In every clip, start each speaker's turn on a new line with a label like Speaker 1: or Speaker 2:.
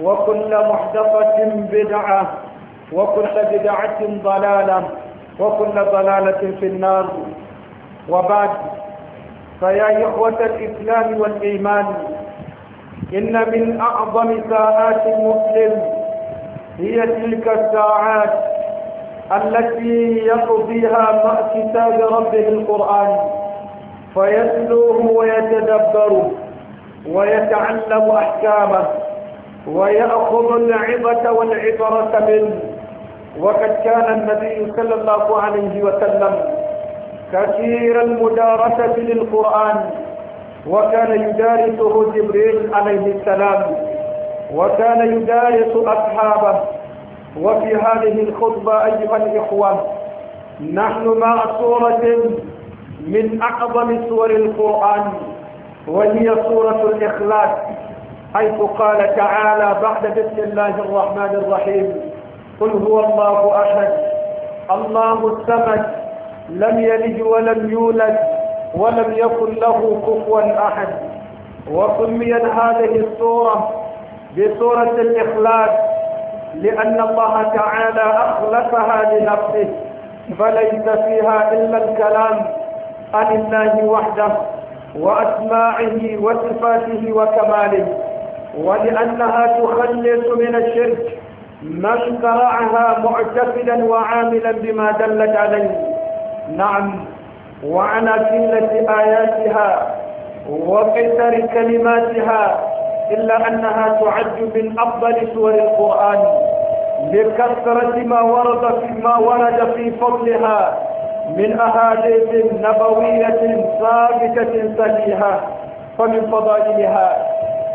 Speaker 1: وكل محدثة بدعة وكل بدعة ضلالة وكل ضلالة في النار وبعد فيا إخوة الإسلام والإيمان إن من أعظم ساعات المسلم هي تلك الساعات التي يقضيها مع كتاب ربه القرآن فيتلوه ويتدبره ويتعلم أحكامه ويأخذ العظة والعبرة منه وقد كان النبي صلى الله عليه وسلم كثير المدارسة للقرآن وكان يدارسه جبريل عليه السلام وكان يدارس أصحابه وفي هذه الخطبة أيها الإخوة نحن مع سورة من أعظم سور القرآن وهي سورة الإخلاص حيث قال تعالى بعد بسم الله الرحمن الرحيم قل هو الله أحد الله السمد لم يلد ولم يولد ولم يكن له كفوا أحد وسميت هذه السورة بسورة الإخلاص لأن الله تعالى أخلفها لنفسه فليس فيها إلا الكلام عن الله وحده وأسماعه وصفاته وكماله ولأنها تخلص من الشرك من قرأها معتقدا وعاملا بما دلت عليه نعم وعلى قلة آياتها وقدر كلماتها إلا أنها تعد من أفضل سور القرآن لكثرة ما ورد في ما ورد في فضلها من أحاديث نبوية ثابتة صحيحة فمن فضائلها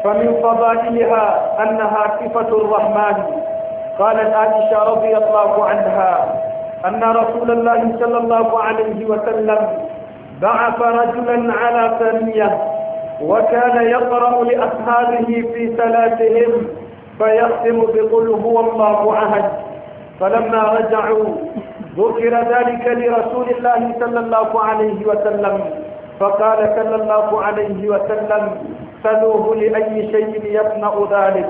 Speaker 1: فمن فضائلها أنها صفة الرحمن قالت عائشة رضي الله عنها أن رسول الله صلى الله عليه وسلم بعث رجلا على ثانية وكان يقرأ لأصحابه في صلاتهم فيختم بقل هو الله أحد فلما رجعوا ذكر ذلك لرسول الله صلى الله عليه وسلم فقال صلى الله عليه وسلم سلوه لأي شيء يصنع ذلك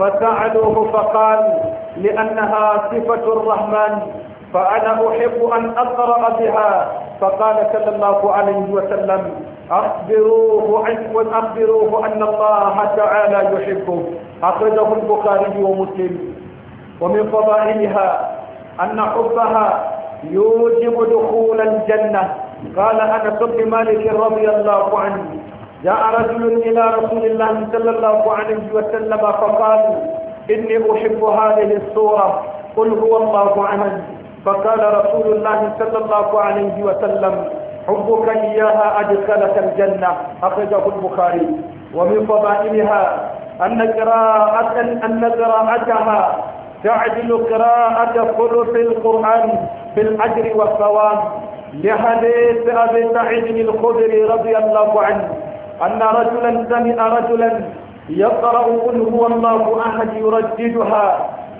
Speaker 1: فسألوه فقال لأنها صفة الرحمن فأنا أحب أن أقرأ بها فقال صلى الله عليه وسلم أخبروه عن وأخبروه أن الله تعالى يحبه أخرجه البخاري ومسلم ومن فضائلها أن حبها يوجب دخول الجنة قال أنس بن مالك رضي الله عنه جاء رجل إلى رسول الله صلى الله عليه وسلم فقال إني أحب هذه الصورة قل هو الله أحد فقال رسول الله صلى الله عليه وسلم حبك إياها أدخلك الجنة أخرجه البخاري ومن فضائلها أن قراءة أن قراءتها تعدل قراءة ثلث القرآن بالأجر والثواب لحديث أبي سعيد الخدري رضي الله عنه أن رجلا سمع رجلا يقرأ قل هو الله أحد يرددها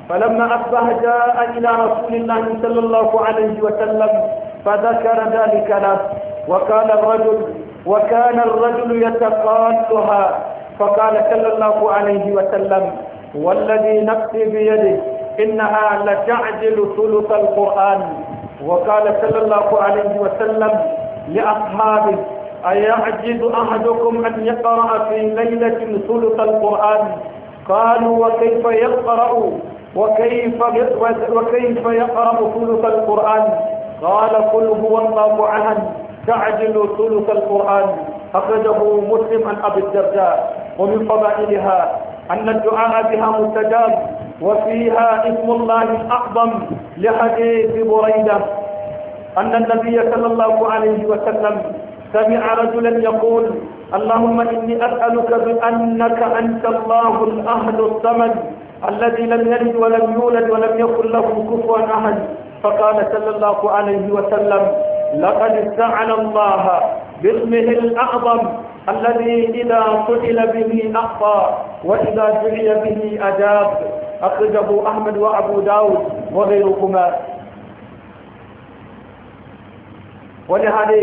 Speaker 1: فلما أصبح جاء إلى رسول الله صلى الله عليه وسلم فذكر ذلك له وقال الرجل وكان الرجل يتقاسها فقال صلى الله عليه وسلم والذي نفسي بيده إنها لتعدل ثلث القرآن وقال صلى الله عليه وسلم لأصحابه أيعجز أحدكم أن يقرأ في ليلة ثلث القرآن قالوا وكيف يقرأ وكيف وكيف يقرأ ثلث القرآن قال قل هو الله أحد تعجل ثلث القرآن أخرجه مسلم عن أبي الدرداء ومن فضائلها أن الدعاء بها مستجاب وفيها اسم الله الأعظم لحديث بريدة أن النبي صلى الله عليه وسلم سمع رجلا يقول اللهم إني أسألك بأنك أنت الله الأهل الصمد الذي لم يلد ولم يولد ولم يكن له كفوا أحد فقال صلى الله عليه وسلم لقد استعن الله باسمه الأعظم الذي إذا سئل به أخطا وإذا دعي به أجاب أخرجه أحمد وأبو داود وغيرهما ولهذا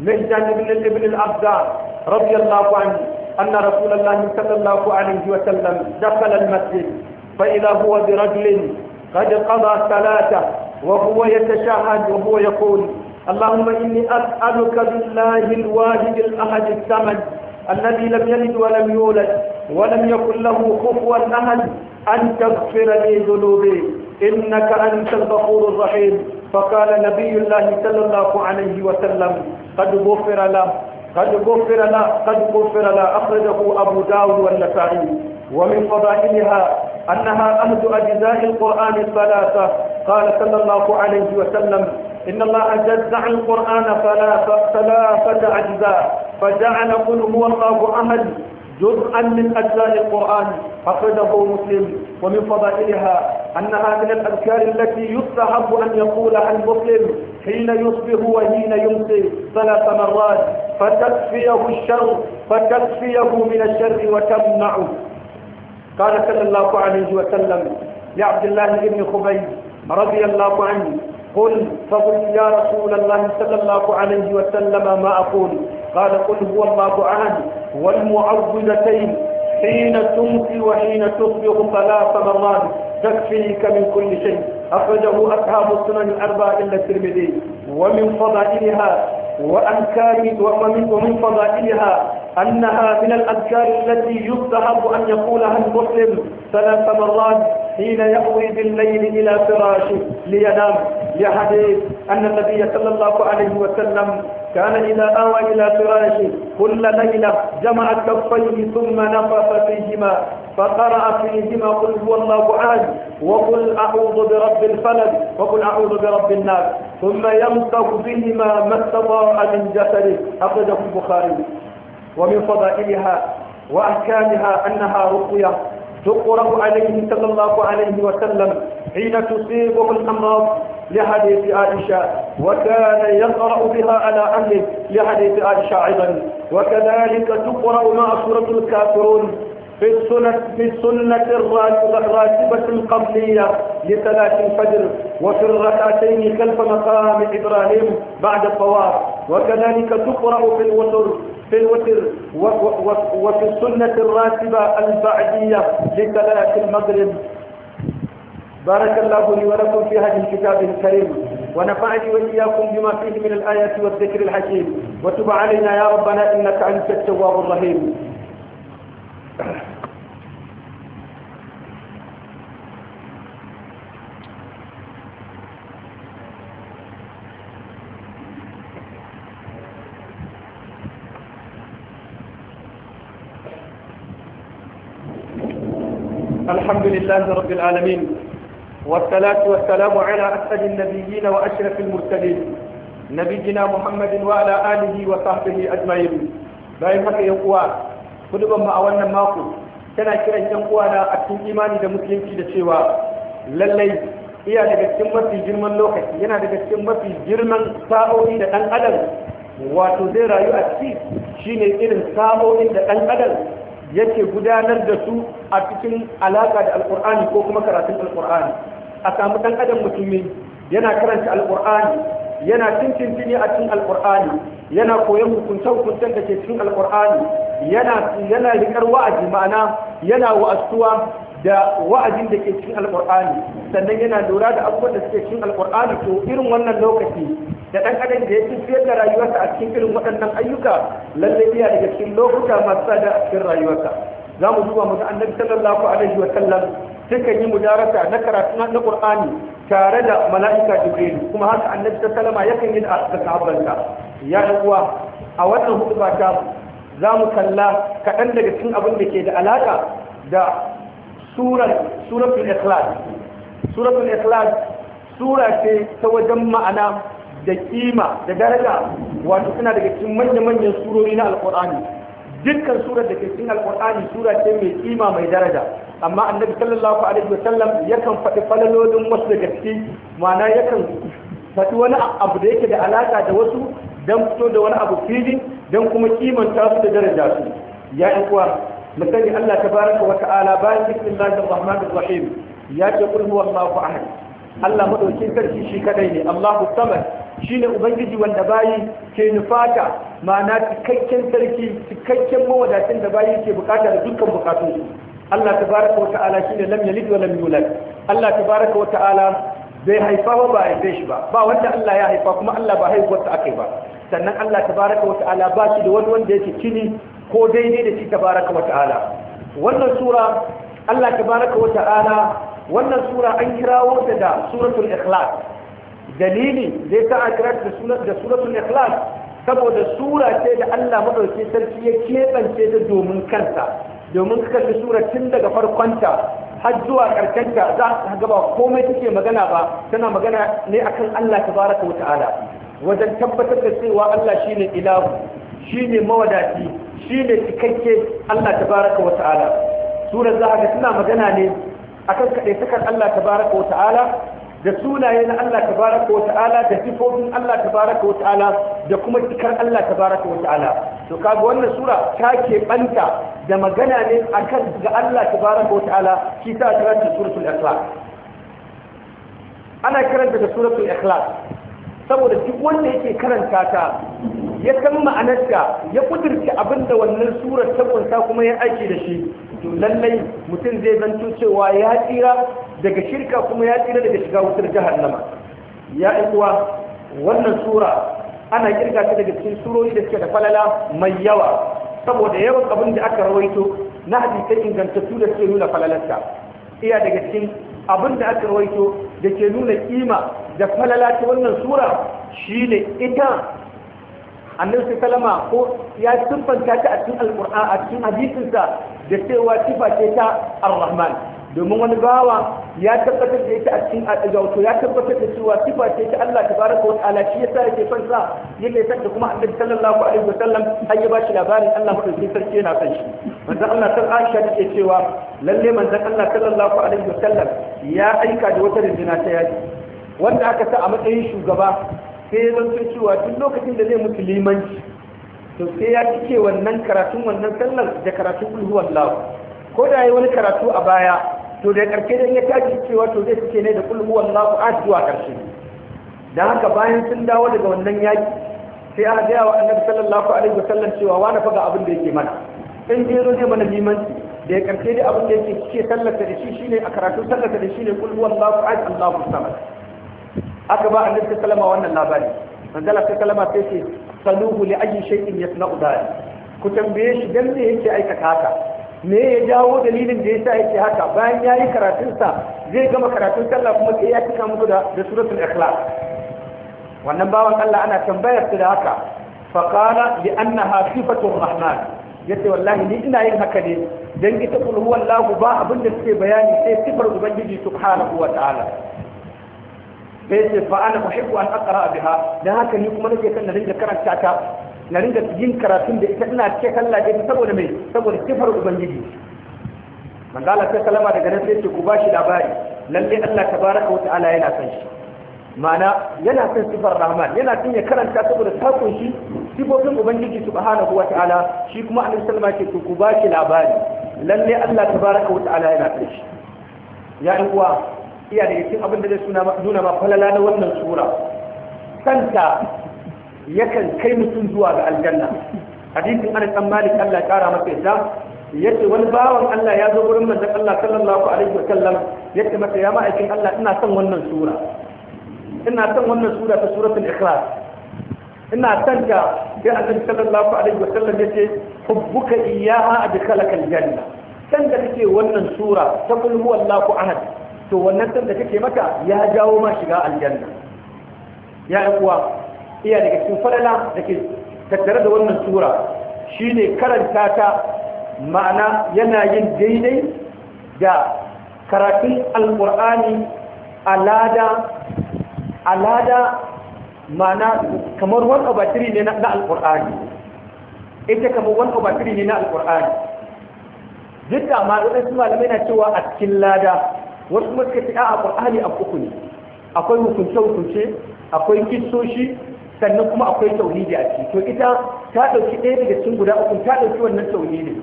Speaker 1: مهجان بن ابن الأبداء رضي الله عنه أن رسول الله صلى الله عليه وسلم دخل المسجد فإذا هو برجل قد قضى ثلاثة وهو يتشهد وهو يقول اللهم إني أسألك بالله الواحد الأحد الثمن الذي لم يلد ولم يولد ولم يكن له كفوا أحد أن تغفر لي ذنوبي إنك أنت الغفور الرحيم فقال نبي الله صلى الله عليه وسلم قد غفر له قد غفر له قد غفر له أخرجه أبو داود والنسائي ومن فضائلها أنها أهد أجزاء القرآن الثلاثة قال صلى الله عليه وسلم إن الله جزع القرآن ثلاثة, ثلاثة أجزاء فجعل قل هو الله أهد جزءا من أجزاء القرآن أخرجه مسلم ومن فضائلها أنها من الأذكار التي يستحب أن يقولها المسلم حين يصبح وحين يمسي ثلاث مرات فتكفيه الشر فتكفيه من الشر وتمنعه قال صلى الله عليه وسلم لعبد الله بن خبيب رضي الله عنه قل فقل يا رسول الله صلى الله عليه وسلم ما أقول قال قل هو الله أحد والمعوذتين حين تمسي وحين تصبح ثلاث مرات تكفيك من كل شيء أخرجه أصحاب السنن الأربعة إلا الترمذي ومن فضائلها وأذكار ومن ومن فضائلها أنها من الأذكار التي يستحب أن يقولها المسلم ثلاث مرات حين يأوي بالليل إلى فراشه لينام لحديث أن النبي صلى الله عليه وسلم كان إذا آوى إلى فراشه كل ليلة جمع كفيه ثم نفث فيهما فقرأ فيهما قل هو الله أحد وقل أعوذ برب الفلق وقل أعوذ برب الناس ثم يمسك بهما ما استطاع من جسده أخرجه البخاري ومن فضائلها وأحكامها أنها رقية تقرأ عليه صلى الله عليه وسلم حين تصيبه الأمراض لحديث عائشة وكان يقرأ بها على امره لحديث عائشة أيضا وكذلك تقرأ مع سورة الكافرون في السنة, في السنة الراتبة القبلية لصلاة الفجر وفي الركعتين خلف مقام إبراهيم بعد الطواف وكذلك تقرأ في الوتر في الوتر وفي السنة الراتبة البعدية لصلاة المغرب بارك الله لي ولكم في هذه الكتاب الكريم ونفعني وإياكم بما فيه من الآيات والذكر الحكيم وتب علينا يا ربنا إنك أنت التواب الرحيم الحمد لله رب العالمين والصلاة والسلام على أسعد النبيين وأشرف المرسلين نبينا محمد وعلى آله وصحبه أجمعين بايمك يقوى hudubar ma a wannan mako tana kiran yan uwana a cikin imani da musulunci da cewa lallai iya daga cikin mafi girman lokaci yana da cikin mafi girman sa'o'i da ɗan adam wato zai rayu a ciki shine irin sa'o'in da ɗan adam yake gudanar da su a cikin alaka da alkur'ani ko kuma karatun alkur'ani a samu ɗan adam mutumin yana karanta alkur'ani yana cincin jini a cikin alkur'ani yana koyon hukunce-hukuncen da ke cikin alkur'ani yana rikar wa'azi ma'ana yana wa'astuwa da wa'azin da ke cikin alkur'ani sannan yana lura da abubuwan da suke cikin alkur'ani to irin wannan lokaci da ɗan adam da ya ci fiye da rayuwarsa a cikin irin waɗannan ayyuka lallai iya daga cikin lokuta masu tsada a cikin rayuwarsa za mu duba mu ga annabi sallallahu alaihi wa sallam sukan yi mudarasa na karatu na Qur'ani tare da mala'ika Jibril kuma haka Annabi sallama yakan yi da sahabbansa ya uwa a wannan hutuba ta za mu kalla kaɗan daga cikin abin da ke da alaƙa da surar suratul ikhlas suratul ikhlas sura ce ta wajen ma'ana da kima da daraja wato suna daga cikin manya-manyan surori na alƙur'ani dukkan surar da ke cikin alƙur'ani sura ce mai kima mai daraja amma annabi sallallahu alaihi wasallam yakan faɗi falalolin wasu daga ciki ma'ana yakan faɗi wani abu da yake da alaka da wasu don fito da wani abu fili don kuma kimanta su da daraja su ya yi kuwa misali Allah baraka wa ta'ala bayan bismillahir rahmanir rahim ya ce qul huwallahu ahad Allah madaukin sarki shi kadai ne Allahu samad shine ubangiji wanda bayi ke nufata ma'ana cikakken sarki cikakken mawadacin da bayi ke bukata da dukkan bukatun Allah tabaraka wa ta'ala shine lam yalid wa lam yulad Allah tabaraka wa ta'ala bai haifa ba ba haife shi ba ba wanda Allah ya haifa kuma Allah ba haihuwar ta akai ba sannan Allah tabaraka wa ta'ala ba shi da wani wanda yake kini ko daidai da shi tabaraka wa ta'ala wannan sura Allah tabaraka wa ta'ala wannan sura an kirawo ta da suratul ikhlas dalili zai ta a kira da suratul ikhlas saboda sura ce da Allah madauki sarki ya kebance ta domin kansa domin ka fi sura tun daga farkonta har zuwa karkenta za ka ga ba komai take magana ba tana magana ne akan Allah tabaraka wa ta'ala wajen tabbatar da cewa Allah shine ilahu shine mawadati shine cikakke Allah tabaraka wa ta'ala sura za ka tana magana ne akan kaɗaitakar Allah tabaraka wa ta'ala da sunaye na Allah tabaraka wa ta'ala da sifofin Allah tabaraka wa ta'ala da kuma cikar Allah tabaraka wa ta'ala to kaga wannan sura ta ke banta da magana ne akan ga Allah tabaraka wa ta'ala shi ta karanta suratul ikhlas ana karanta da suratul ikhlas saboda duk wanda yake karanta ta ya san ma'anarta ya kudurci abinda wannan surar ta kunsa kuma ya aiki da shi to lallai mutum zai zanto cewa ya tsira daga shirka kuma ya tsira daga shiga wutar jahannama ya uwa wannan sura ana kirga ta daga cikin surori da suke da falala mai yawa saboda yawan abin da aka rawaito na hadisai ingantattu da suke nuna falalarta iya daga cikin abin da aka rawaito da ke nuna kima da falala ta wannan sura shine ita annabi salama ko ya siffanta ta a cikin alqur'ani a cikin hadisinsa da cewa sifa ce ta ar-rahman domin wani bawa ya tabbatar da ita a cikin adagauto ya tabbatar da cewa sifa ce ta Allah tabaraka wa ta'ala shi yasa yake son sa yake son da kuma annabi sallallahu alaihi wasallam har ya bashi labarin Allah sai sarki yana son shi manzon Allah san Aisha take cewa lalle manzon Allah sallallahu alaihi wasallam ya aika da wata rinjina ta yaji wanda aka sa a matsayin shugaba sai ya zanto cewa duk lokacin da zai mutu limanci to sai ya cike wannan karatun wannan sallar da karatun ulhu wallahu ko da yayi wani karatu a baya to da karke dan ya tashi cewa to zai cike ne da ulhu wallahu a zuwa karshe dan haka bayan sun dawo daga wannan yaki sai aka ga wa annabi sallallahu alaihi wasallam cewa wani faga abin da yake mana in je zo zai mana limanci da ya karke da abin da yake cike sallar da shi shine a karatu sallar da shi ne ulhu wallahu a Allahu samad aka ba annabi sallama wannan labari manzala sallama sai ce saluhu li ayyi shay'in yasna'u dhalik ku tambaye shi dan me yake aikata haka me ya jawo dalilin da yasa yake haka bayan yayi karatun sa zai gama karatun sallah kuma sai ya cika musu da da suratul ikhlas wannan bawan Allah ana tambayar su da haka fa qala bi annaha sifatur rahman yace wallahi ni ina yin haka ne dan ita kullu huwallahu ba abin da suke bayani sai sifar ubangiji subhanahu wa ta'ala sai ce fa ana uhibbu an aqra biha dan haka ni kuma nake kan na dinga karanta ta na dinga yin karatun da ita ina ce kalla da saboda mai saboda kifar ubangiji manzala ta kalama daga nan sai ce ku bashi labari lalle Allah tabaraka wa ta'ala yana son shi Ma'ana yana son sifar rahman yana son ya karanta saboda ta kunshi sifofin ubangiji subhanahu wa ta'ala shi kuma annabi sallama ke ku ba shi labari lalle Allah tabaraka wa ta'ala yana son shi ya ɗan iya daga cikin abin da zai nuna ma falala na wannan sura kanta yakan kai mutum zuwa ga aljanna hadisin anas an malik Allah ya kara masa yadda yace wani bawan Allah ya zo gurin manzon Allah sallallahu alaihi wa sallam yace masa ya ma'aikin Allah ina son wannan sura ina son wannan sura ta suratul ikhlas ina son ta sai annabi sallallahu alaihi wa sallam yace hubbuka iyyaha adkhalaka aljanna san da kake wannan sura ta qul huwallahu ahad to wannan san da take mata ya jawo ma shiga aljanna ya ɗan uwa iya daga cikin falala da ke tattare da wannan sura shine karanta ta ma'ana yana yin daidai da karatun alƙur'ani alada alada ma'ana kamar wani obatiri ne na alƙur'ani ita kamar wani obatiri ne na alƙur'ani duk da ma'ana su malamai na cewa a cikin lada wasu kuma suka ce a qur'ani a uku ne akwai hukunce hukunce akwai kissoshi sannan kuma akwai tauhidi a ciki to ita ta dauki ɗaya daga cikin guda uku ta dauki wannan tauhidi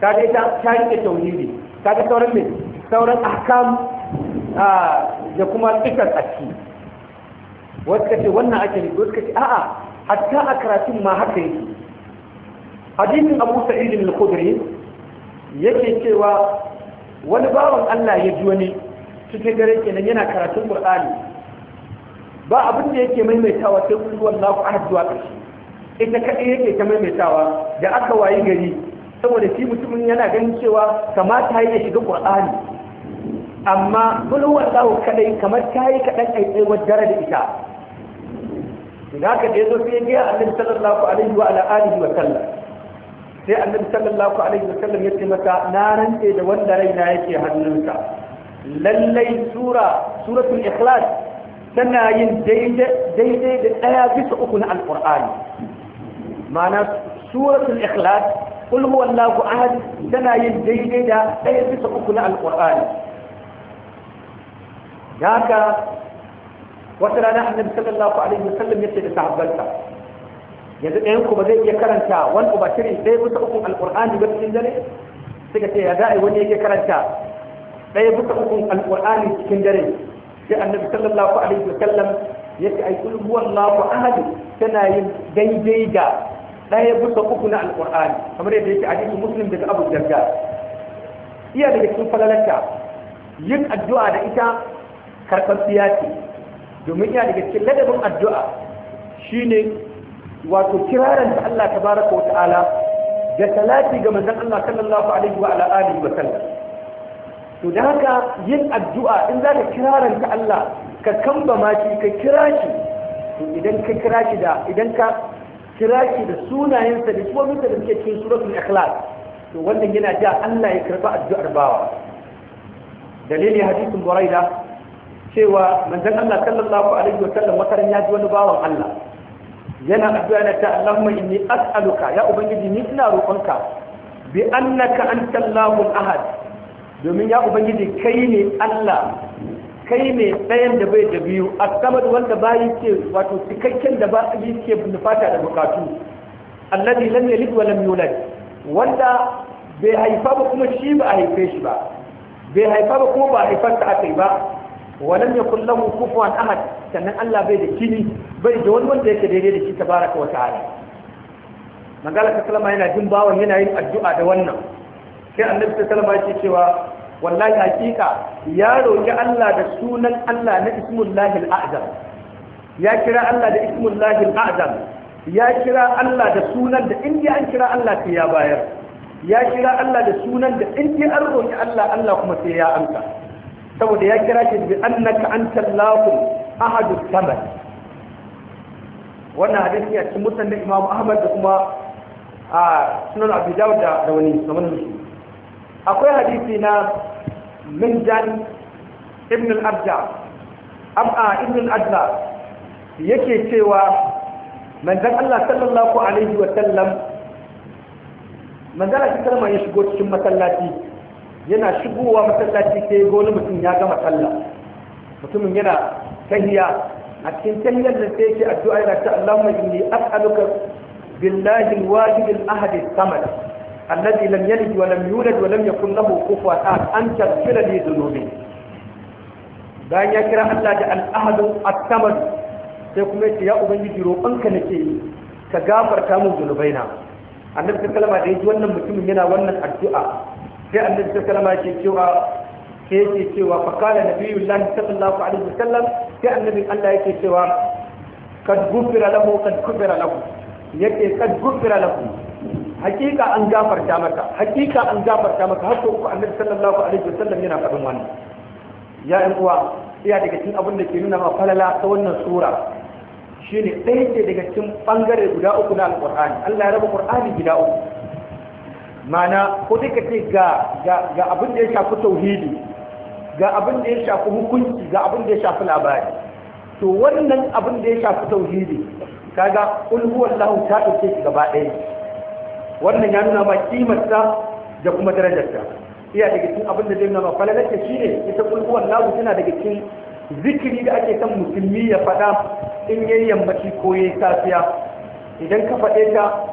Speaker 1: kaga ita ta rike tauhidi kaga sauran me sauran ahkam da kuma tsikar a ciki wasu ka ce wannan ake ne wasu ka ce a'a hatta a karatun ma haka yake hadisin abu sa'idin al-khudri yake cewa wani bawan Allah ya ji wani cikin dare kenan yana karatun Qur'ani ba abin da yake maimaitawa sai kullu wallahu ahad zuwa ƙarshe ita kadai yake ta maimaitawa da aka wayi gari saboda shi mutumin yana ganin cewa kamata ya shiga Qur'ani amma kullu wallahu kadai kamar ta yi kadan aiwaiwar dare da ita idan ka da yazo sai ya ga Annabi sallallahu alaihi wa alihi wa sallam sai annabi sallallahu alaihi wasallam ya ce mata na rantse da wanda raina yake hannunsa lallai sura suratul ikhlas tana yin daidai da ɗaya bisa uku na alƙur'ani ma'ana suratul ikhlas kul huwallahu ahad tana yin daidai da ɗaya bisa uku na alƙur'ani haka wata rana annabi sallallahu alaihi wa sallam ya ce da sahabbansa yanzu ɗayan kuma ba zai iya karanta wani uba shirin ɗaya bisa ukun alƙur'ani ba cikin dare suka ce ya da'i wani yake karanta ɗaya bisa ukun alƙur'ani cikin dare sai annabi sallallahu alaihi wa sallam ya ce ai kul huwallahu ahad tana yin daidai da ɗaya bisa uku na alƙur'ani kamar yadda yake hadisi muslim daga abu jarga iya daga cikin falalata yin addu'a da ita karɓar siyasi domin iya daga cikin ladabin addu'a shine wato kiraran da Allah tabaraka wa ta'ala da salati ga manzon Allah sallallahu alaihi wa ala alihi wa sallam to da haka yin addu'a in zaka kiraran ta Allah ka kamba maki ka kira shi idan ka kira shi da idan ka kira shi da sunayensa da kuma da suke cikin suratul ikhlas to wannan yana da Allah ya karba addu'ar bawa dalilin hadisin buraida cewa manzon Allah sallallahu alaihi wa sallam wata ya ji wani bawan Allah yana addu'a na ta Allahumma inni as'aluka ya ubangiji ni ina roƙonka bi annaka antal lahul ahad domin ya ubangiji kai ne Allah kai ne ɗayan da bai da biyu as-samad wanda bayi ce wato cikakken da ba yi ke nufata da bukatu alladhi lam yalid wa lam yulad wanda bai haifa ba kuma shi ba a haife shi ba bai haifa ba kuma ba haifar haifarsa akai ba walam yakul lahu kufuwan ahad sannan Allah bai da kini bai da wani wanda yake daidai da shi tabaraka wa ta'ala magana ta kalma yana jin bawan yana yin addu'a da wannan sai annabi ta kalama yake cewa wallahi hakika ya roki Allah da sunan Allah na ismullahi al-a'zam ya kira Allah da ismullahi al-a'zam ya kira Allah da sunan da indiya an kira Allah sai ya bayar ya kira Allah da sunan da indiya an roki Allah Allah kuma sai ya amsa saboda ya kira shi bi annaka anta lahu ahadu samad wannan hadisi ya cikin mutan da Imam Ahmad da kuma a sunan Abu Dawud da wani saman shi akwai hadisi na Minjan ibn al-Abda amma ibn al-Adla yake cewa manzon Allah sallallahu alaihi wa sallam manzon Allah ya shigo cikin masallaci yana shigowa masallaci sai ga wani mutum ya gama sallah mutumin yana tahiya a cikin tahiyar da sai ke addu'a yana ta Allahumma inni as'aluka billahi al-wahid al-ahad as-samad alladhi lam yalid wa lam yulad wa lam yakul lahu kufuwan ahad an taghfira li dhunubi bayan ya kira Allah da al-ahad as-samad sai kuma ce ya ubangiji roƙonka nake yi ka gafarta min zunubaina annabi kalma da yaji wannan mutumin yana wannan addu'a sai annabi sallallahu alaihi ke cewa sai yake cewa fa kana nabiyullahi sallallahu alaihi wasallam sai annabi Allah yake cewa kad gufira lahu kad gufira lahu yake kad gufira lahu hakika an gafarta maka hakika an gafarta maka har ko annabi sallallahu alaihi wasallam yana faɗin wannan ya ɗan uwa iya daga cikin abin da ke nuna ma falala ta wannan sura shine ɗaya ce daga cikin bangare guda uku na alqur'ani Allah ya raba qur'ani gida uku mana ko ka ce ga abin da ya shafi tauhidi ga abin da ya shafi hukunci ga abin da ya shafi labari to wannan abin da ya shafi tauhidi kaga kul huwallahu ta dauke shi gaba ɗaya wannan ya nuna ma kimarsa da kuma darajarta iya daga cikin abin da zai nuna ma falalarta shine ita kul huwallahu tana daga cikin zikiri da ake son musulmi ya faɗa in yayi yammaci ko yayi safiya idan ka faɗe ta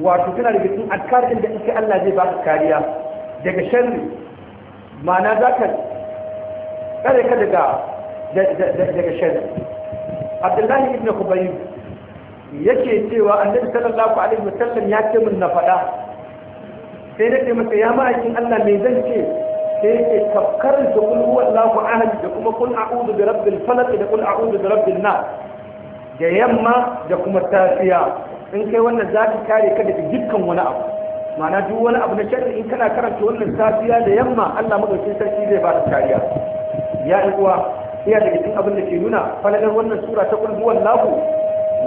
Speaker 1: wato tana da cikin azkar da ita Allah zai baka kariya daga sharri ma'ana zaka tsare ka daga daga sharri Abdullahi ibn Kubayb yake cewa Annabi sallallahu alaihi wasallam ya ce min na faɗa sai da ce masa ya ma'aikin Allah me zan ce sai yake tafkar da kul huwallahu ahad da kuma kul a'udhu bi rabbil falaq da kul a'udhu bi rabbin nas da yamma da kuma tafiya. in kai wannan za ka kare ka daga dukkan wani abu ma'ana duk wani abu na sharri in kana karanta wannan safiya da yamma Allah madaukakin sarki zai ba ka kariya ya ɗan uwa iya daga cikin abin da ke nuna falalar wannan sura ta kullu wallahu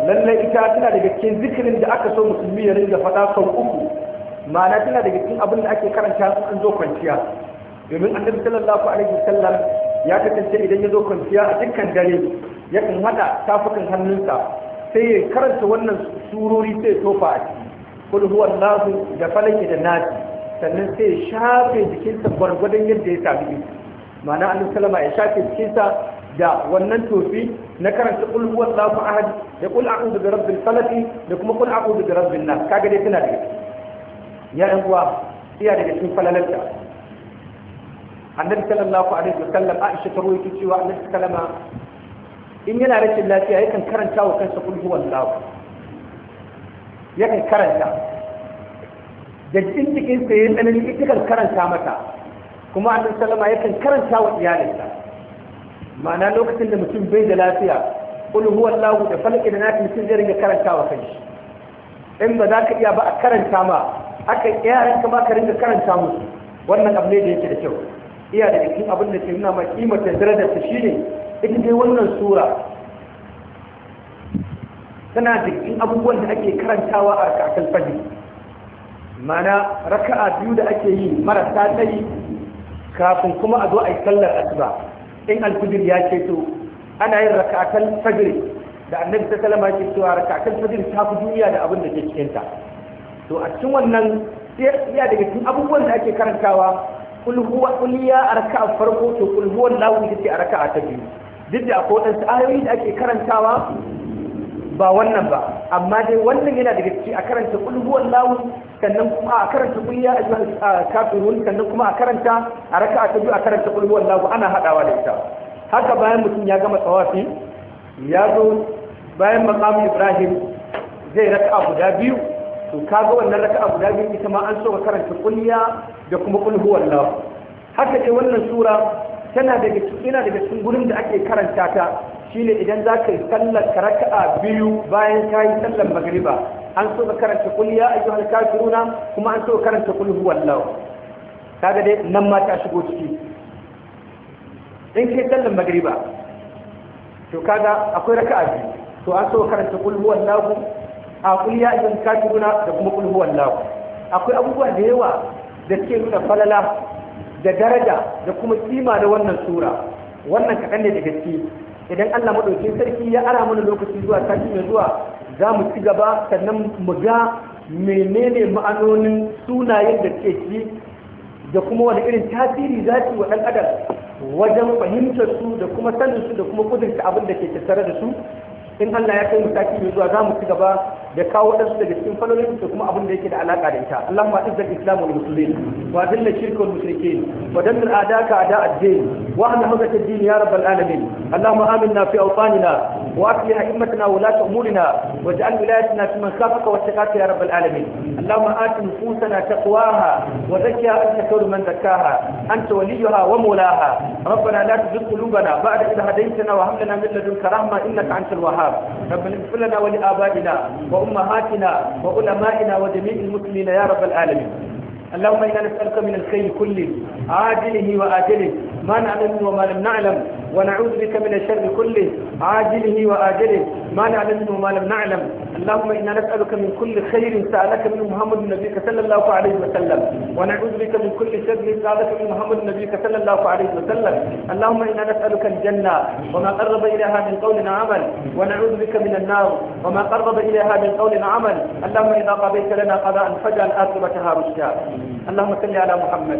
Speaker 1: lallai ita tana daga cikin zikirin da aka so musulmi ya ringa faɗa kan uku ma'ana tana daga cikin abin da ake karanta su an zo kwanciya domin annabi sallallahu alaihi wasallam ya kasance idan ya zo kwanciya a dukkan dare ya kan hada tafukan hannunsa sai ya karanta wannan surori sai ya tofa a ciki kun huwa nasu da falaki da nasi sannan sai ya shafe jikinsa gwargwadon yadda ya sami iko ma'ana annabi sallama ya shafe jikinsa da wannan tofi na karanta kul huwa nasu ahad da kul a'udhu bi rabbil falaq da kuma kul a'udhu bi rabbin nas kaga dai tana daga ya ɗan uwa iya daga cikin falalanta annabi sallallahu alaihi wasallam aisha ta ruwaito cewa annabi sallama in yana rashin lafiya yakan karanta wa kansa kul huwallahu yakan karanta da cikin sa yayin tsanani yakan karanta mata kuma annabi sallama yakan karanta wa iyalinsa ma'ana lokacin da mutum bai da lafiya kul Lahu da falaki da nafi mutum zai ringa karanta wa kanshi in ba za ka iya ba a karanta ma aka yaran ka ma ka ringa karanta musu wannan abu ne da yake da kyau iya da cikin abin da ke nuna ma kimar da darajar ta shine ita dai wannan sura tana da abubuwan da ake karantawa a raka'atul fajr mana raka'a biyu da ake yi marasa tsayi kafin kuma a zo a yi sallar asuba in alfijir ya to ana yin raka'atul fajr da annabi ta salama ke cewa raka'atul fajr ta fi duniya da abin da ke cikin ta to a cikin wannan iya daga cikin abubuwan da ake karantawa kul huwa kul ya arka'a farko to kul huwa lahu ita ce arka'a ta biyu duk da akwai ayoyi da ake karantawa ba wannan ba amma dai wannan yana daga ciki a karanta kulhuwan lawun sannan kuma a karanta kul a ayyuhal kafirun sannan kuma a karanta a raka a tabi a karanta kulhuwan lawun ana hadawa da ita haka bayan mutum ya gama tsawafi. ya zo bayan maqam ibrahim zai raka a guda biyu to ga wannan raka a guda biyu ita ma an so ka karanta kul da kuma kulhuwan lawun haka dai wannan sura tana daga cikin daga cikin gurin da ake karanta ta shine idan za ka yi sallar raka'a biyu bayan ka yi sallar magriba an so ka karanta kul ya ayyuhal kafiruna kuma an so ka karanta kul huwallahu kaga dai nan ma ta shigo ciki in kai sallar magriba to kaga akwai raka'a biyu to an so ka karanta kul huwallahu a kul ya ayyuhal kafiruna da kuma kul huwallahu akwai abubuwa da yawa da ke nuna falala da daraja da kuma kima da wannan sura wannan kaɗan ne da gaske idan Allah maɗaukin sarki ya ara mana lokaci zuwa sati mai zuwa za mu ci gaba sannan mu ga menene ma'anonin sunayen da ke ci da kuma wani irin tasiri za su wa ɗan wajen fahimtar su da kuma sanin su da kuma kudurta abin da ke tattare da su in Allah ya kai mu sati mai zuwa za mu ci gaba da kawo wadansu daga cikin falolin da kuma abin da yake da alaka da ita Allah ma izzat islam wal muslimin wa zilla shirka wal mushrikin wa dammir adaka ada ad-din wa ahna hawzat ad-din ya rabbal alamin اللهم آمنا في أوطاننا وأصلح أئمتنا ولاة أمورنا واجعل ولايتنا في من خافك واتقاك يا رب العالمين اللهم آت نفوسنا تقواها وزكها أنت خير من زكاها أنت وليها ومولاها ربنا لا تزغ قلوبنا بعد إذ هديتنا وهب لنا من لدنك رحمة إنك أنت الوهاب ربنا اغفر لنا ولآبائنا وأمهاتنا وعلمائنا وجميع المسلمين يا رب العالمين اللهم إنا نسألك من الخير كله عاجله وآجله ما نعلم وما لم نعلم ونعوذ بك من الشر كله عاجله وآجله ما نعلم وما لم نعلم اللهم إنا نسألك من كل خير سألك منه محمد نبيك صلى الله عليه وسلم ونعوذ بك من كل شر سألك من محمد نبيك صلى الله عليه وسلم اللهم إنا نسألك الجنة وما قرب إليها من قول عمل ونعوذ بك من النار وما قرب إليها من قول عمل اللهم إذا قضيت لنا قضاء فجعل آخرتها رشدا اللهم صل على محمد